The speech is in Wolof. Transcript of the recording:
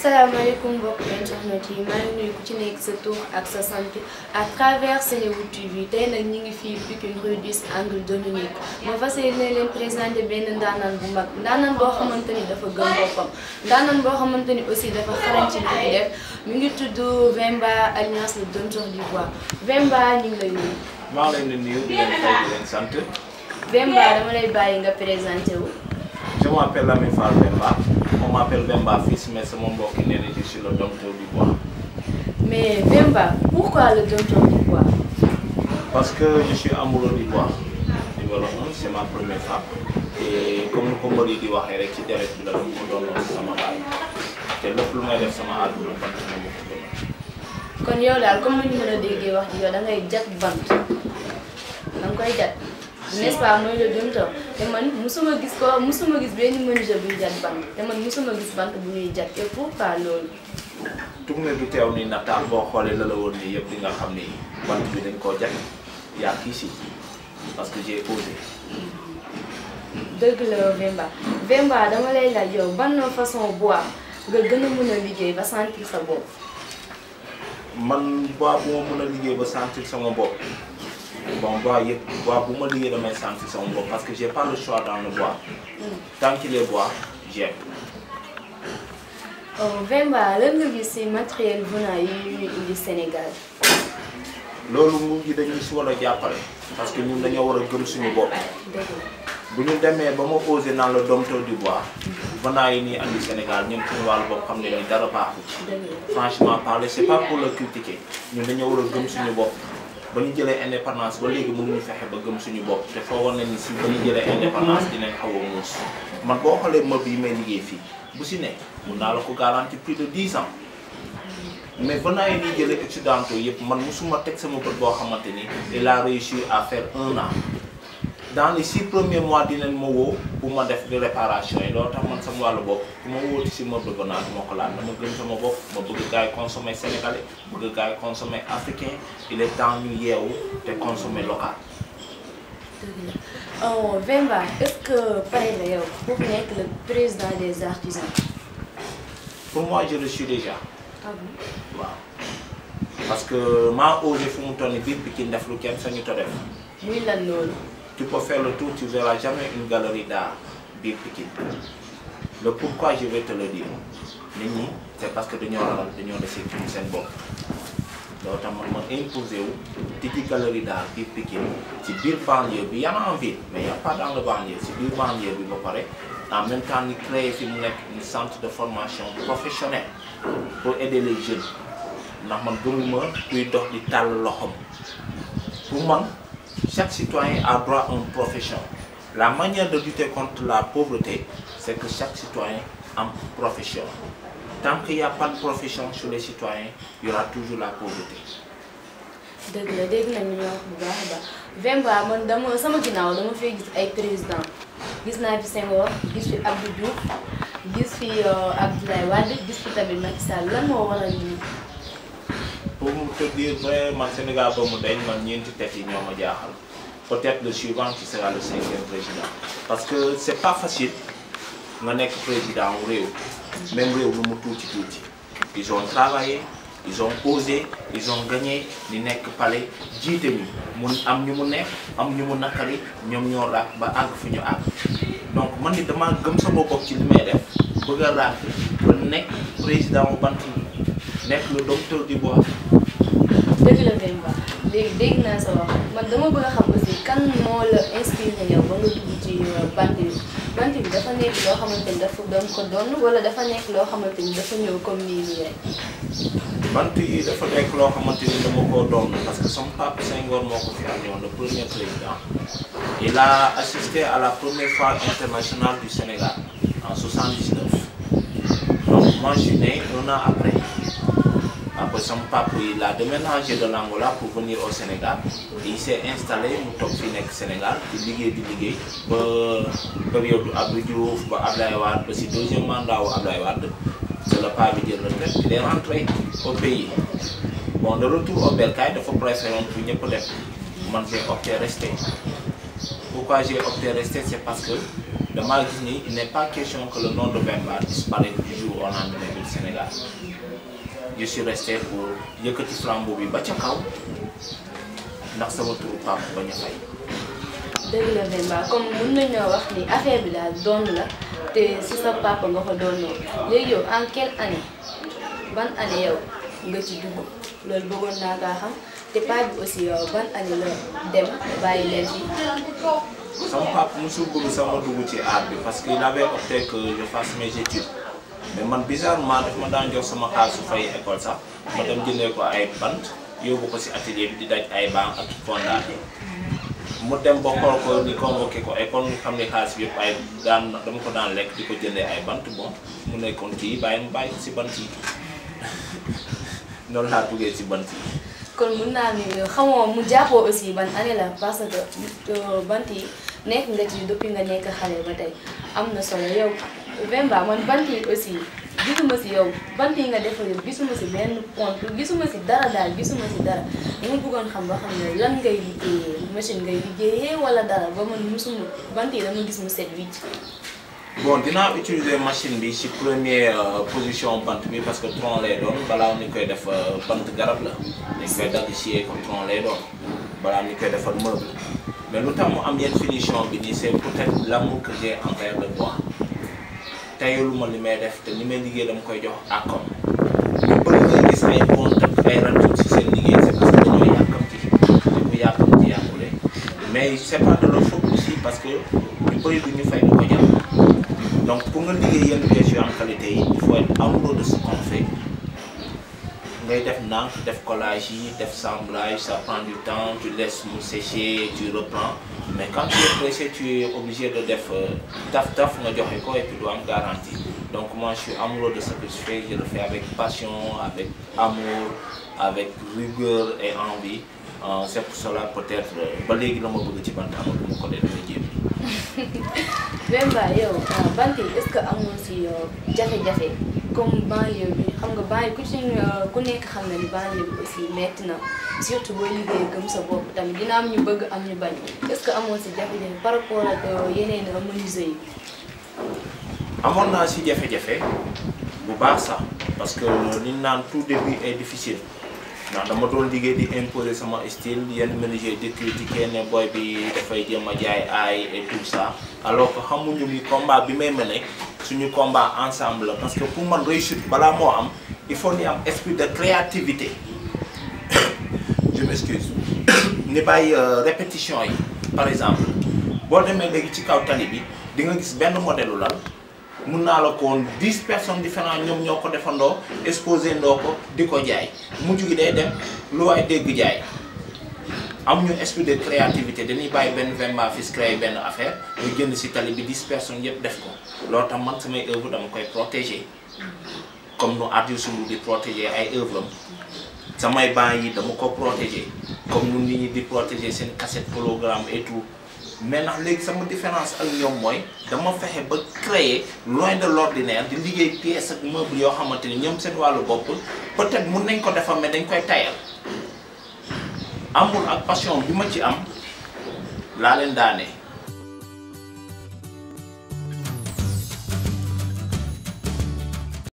asalaamaaleykum mbokk internet yi maa ngi nuyu ku ci nekk sa tur ak sa sant ak travers Senewood TV tey nag ñi ngi fii Pikine rue 10 angle Dominique ma fas yéene leen présenté benn ndaanaan bu mag ndaanaan boo xamante ni dafa gëm boppam ndaanaan boo xamante ni aussi dafa xarañ ci li def mi ngi tudd Wemba Alliance le Donneur du Bois Wemba ñu ngi lay nuyu. maa leen di nuyu leen fay di leen sant. Wemba dama lay bàyyi nga présenté wu. je m'appelle Lamine Fall on m'appelle Bemba Fils mais sama mbokk yi nee na je suis le dompteur du bois. mais Bemba pourquoi le dompteur du bois. parce que je suis amoureux du bois. di ko doon c'est ma première femme. et comme ko mbër yi di waxee rek ci deret bi la doon ko sama baay te lépp lu may def sama àdduna bant na mu ko kon yow daal comme ni ñu mën a wax ji yow da jat bant da koy jat. n'est-ce pas mooy le dëmtaw te man musuma gis ko musuma gis benn menuisier buy jat bant te man musuma gis bant bu ñuy jat et pourquoi loolu tugna du teew ni nataal boo xoolee la la woon nii yëpp li nga xam ni bant bi dañ koo jat yaa kii si parce que j'ai posé dëgg la Vemba Vemba dama lay laaj yow ban façon bois nga gën a mën a liggéey ba sentir sa bopp man bois bu ma mën a liggéey ba sentir sama bopp bon bois yëpp bois bu ma liggéey damay sant si sama bopp parce que j'ai pas le choix dans le bois tant qu'il est bois j'aime Vemba gis si matériel vuna yi ñuy Sénégal loolu nguur gi dañuy si war a jàppale parce que ñun dañoo war a gëm suñu bopp bu ñu demee ba ma osé naa la dompteur du bois vana yi nii andi Sénégal ñun suñu wàllu bopp xam ne ni dara baaxul franchement parler c'est pas pour le critiquer ñun dañoo war a gëm suñu bopp ba ñu jëlee indépendance ba léegi mënuñu fexe ba gëm suñu bopp te foogoon nañ si ba ñu jëlee indépendance dinañ xaw a muus man boo xoolee meuble yi may liggéey fii bu si ne mun naa la ko garanti plus de 10 ans mais ba naay nii jëlee occidentaux yëpp man musuma teg sama bët boo xamante ni il la réussir à faire un an dans les six premiers mois dinañ ma woo bu ma def di réparation yi loolu tax man sama wàllu bopp bu ma wóolu si mode de bonheur ma ko laal dama gën sama bopp ma bëgg gars yi consommer sénégalais bëgg gars yi consommer africain il est temps ñu yeewu te consommer local. Euh, que pare na président des artisans. pour moi je le déjà. Ah waaw. parce que maa osé fu mu toll biir Pikine def lu kenn sañu to def. muy lan loolu. tu peux faire le tout tu ne verras jamais une galerie d'art biir Pikine. le pourquoi je vais te le dire nit ñi c'est parce que dañoo waral dañoo dese ci seen bopp loolu tam man ma imposé wu tijji galerie d'art biir Pikine ci biir banlieue bi y en a mais y a pas dans le banlieue ci biir banlieue bi ba pare en même temps ñu créé mu nekk une centre de formation professionnelle pour aider les jeunes ndax man gëmuma kuy dox di tàll loxom pour man. Chaque citoyen a droit à une profession. La manière de lutter contre la pauvreté, c'est que chaque citoyen a une profession. Tant qu'il n'y a pas de profession chez les citoyens, il toujours la pauvreté. dëgg la dégg nañu ñu wax bu baax a baax man dama sama ginnaaw dama fee gis ay président gis naa fi Senghor gis fi Abdou gis fi euh, Abdoulaye Wade gis fi tamit Macky lan moo waral ñu pour vous te dire vrai Sénégal ba mu dañ man ñeenti tête ñoo ma jaaxal peut-être le suivant qui sera le cinquième président parce que c'est pas facile nga nekk président wu réew même réew lu mu tuuti tuuti ils ont travaillé ils ont osé ils ont gagné di nekk palais jiite mi mun am ñu mu neex am ñu mu naqari ñoom ñoo raak ba àgg fu ñu àgg donc man ni dama gëm sama bopp ci li may def a raak ba nekk président wu bant nekk le docteur du bois dëgg la Demba léegi dégg naa sa wax man dama bëgg a xam aussi kan moo la inspiré yow ba nga dugg ci euh, bant bi dafa nekk loo xamante ni dafa doon ko doon wala dafa nekk loo xamante ni dafa ñëw comme nii nii rek. bant yi dafa nekk loo xamante ni dama koo doon parce que sama papa Senghor moo ko fi am yoon le premier président il a assisté à la première foire internationale du Sénégal en 79 donc moi je après. après a papa il a de l'Angola pour venir au Sénégal il s'est installé mu toog fi nekk Sénégal di liggéey di liggéey ba période Abdou Diouf ba Abdoulaye si deuxième mandat wu Abdoulaye Wade c'est le pas au pays bon de retour au Bercail dafa préféroon pour ñëpp man j'ai opté rester pourquoi j'ai opté rester c'est parce que damaa gis il n'est pas question que le nom de Bemba du jour au lendemain du Sénégal je suis resté yëkkati flambeau bi ba ca kaw ndax sama turu Pape bañ a fay. dëgg la Bemba comme mun nañoo wax ni affaire bi daal doon la te si sa papa nga ko doonoo léegi yow en quelle année ban année yow nga ci dugg loolu bëggoon naa kaa xam te paa bi aussi yow ban année la dem bàyyi leen fi. sama papa mosul bëgg sama dugg ci art bi parce que il avait opté que je fasse mes mais man bizarrement daf ma daan jox sama xaalis su fay école sax ma dem jëndee ko ay bant yóbbu ko si atelier bi di daj ay banc ak fondaat mu dem ba xool ko di convoqué ko école nga xam ne xaalis bi yëpp ay daan dama ko daan lekk di ko jëndee ay bant boo mu nekkoon kii bàyyi mu bàyyi si bant yi noonu laa duggee si bant yi. kon mun naa ni xamoo mu jàppoo aussi ban année la parce que euh, bant yi nekk nga ci depuis nga nekk xale ba tey am na solo yow. Mbemba man bant yi aussi gisuma si yow bant yi nga defar yow gisuma si benn compte gisuma si dara daal gisuma si dara dama bëggoon xam ba xam ne lan ngay machine ngay liggéeyee wala dara ba man musuma bant yi dama gis mu set wicc bon dinaa utiliser machine bi ci première euh, position bant bi parce que tronc lay balaa ñu koy def euh, bant garab la dañ koy dagg scier ko tronc lay koy defar meuble mais lu tax mu am yenn finition bi nii c'est peut-être l'amour que j'ai teyaluma li may def te li may liggéey dama koy jox àqam ñu bëri nga gis ay bon ak ay ràcc ci seen liggéey c'est parce que yàkkamti te ku yàkkamti yàqule mais c'est pas de leur faute aussi parce que ñu bëri du ñu fay ñu ko jàpp donc pour nga liggéey yenn pièces yu am qualité yi il faut être de ce qu'on fait ngay def nank def collage yi def semblage ça prend du temps tu laisses mu sécher tu reprends mais quand tu es pressé tu es obligé de def euh, taf taf nga joxe ko et puis du am garantie donc moi je suis amoureux de ce le fais avec passion avec amour avec rigueur et envie c'est ah, pour cela peut-être ba léegi la ma bëgg ci bant amaguma ko de damay jéem même ba yow bant yi est-ce que amoon si jafe-jafe comme banlieue bi xam nga banlieue ku ci ku nekk xam na ni banlieue bi aussi metti na surtout boo liggéey gëm sa bopp tamit dina am ñu bëgg am ñu bañ est-ce que amoon si jafe-jafe par rapport ak yeneen menuisier yi amoon naa si jafe-jafe bu baax sax parce que li ñu naan tout début est difficile ndax dama doon liggéey di imposer sama style yenn menuisier di critiquer ne booy bi dafay jéem a jaay aay et tout ça alors xamuñu ni combat bi may mené suñu combat ensemble la parce que pour man réussite balaa moo am il faut ni am esprit de créativité je ni bàyyi euh, répétition yi par exemple boo demee léegi ci kaw tali bi di nga gis benn modèle lal mun naa la ko woon dix personnes ñoom ñoo ko defandoo exposé ndoo ko di ko jaay mujj gi day dem lu waay dégg jaay am ñu esprit de créativité dañuy bàyyi benn vingt fis créé benn affaire ñu jënd si tali bi diis personnes yëpp def ko loo tax man samay œuvre dama koy protéger comme nu artiste yu di protéger ay œuvre am samay banc yi dama ko protéger comme nu nit ñi di protéger seen cassette hologramme et tout mais ndax léegi sama différence ak ñoom mooy dama fexe ba créer loin de l'ordinaire di liggéey pièce ak meuble yoo xamante ni ñoom seen wàllu bopp peut-être mun nañ ko defar mais dañ koy tayal amul ak passion bi ma ci am laa leen daanee